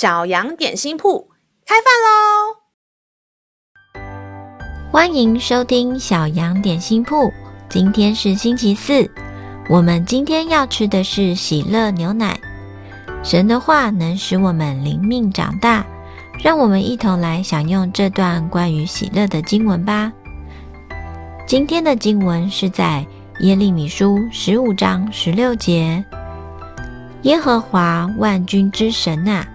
小羊點心鋪開飯嘍！歡迎收聽小羊點心鋪。今天是星期四，我們今天要吃的是喜樂牛奶。神的話能使我們靈命長大，讓我們一同來享用這段關於喜樂的經文吧。今天的經文是在耶利米書十五章十六節：“耶和華萬軍之神吶、啊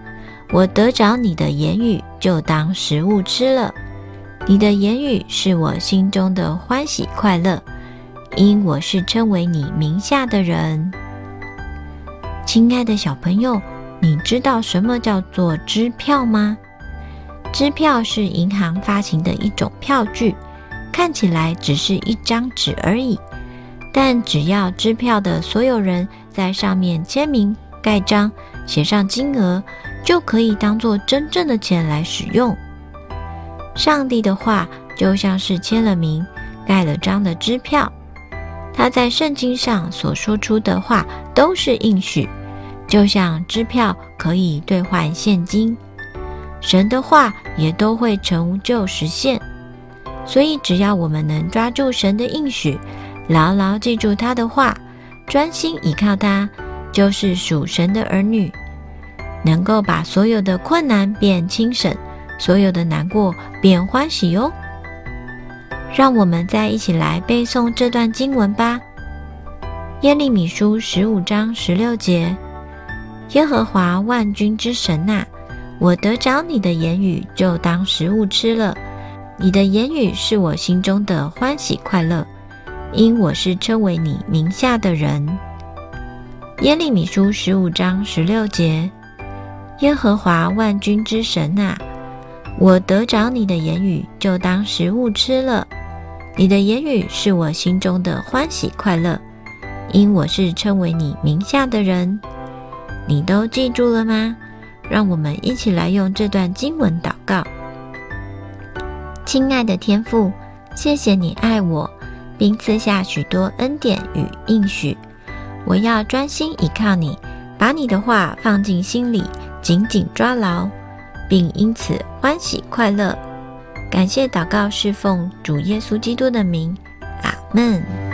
我得着你的言語，就當食物吃了。你的言語是我心中的歡喜快樂，因我是稱為你名下的人。親愛的小朋友，你知道什麼叫做支票嗎？支票是銀行發行的一種票據，看起來只是一張紙而已，但只要支票的所有人在上面簽名、蓋章，寫上金額。就可以當做真正的錢來使用。上帝的話就像是簽了名、蓋了章的支票，他在聖經上所說出的話都是應許，就像支票可以兌換現金，神的話也都會成就實現。所以，只要我們能抓住神的應許，牢牢記住他的話，專心倚靠他，就是屬神的兒女。能夠把所有的困難變輕省，所有的難過變歡喜喲。讓我們再一起來背誦這段經文吧，《耶利米書》十五章十六節：“耶和華萬軍之神吶、啊，我得着你的言語就當食物吃了，你的言語是我心中的歡喜快樂，因我是稱為你名下的人。”《耶利米書》十五章十六節。耶和華萬軍之神啊，我得着你的言語，就當食物吃了。你的言語是我心中的歡喜快樂，因我是稱為你名下的人。你都記住了嗎？讓我們一起來用這段經文禱告。親愛的天父，謝謝你愛我，並賜下許多恩典與應許。我要專心依靠你，把你的話放進心裡。緊緊抓牢，並因此歡喜快樂。感謝禱告，侍奉主耶穌基督的名，阿門。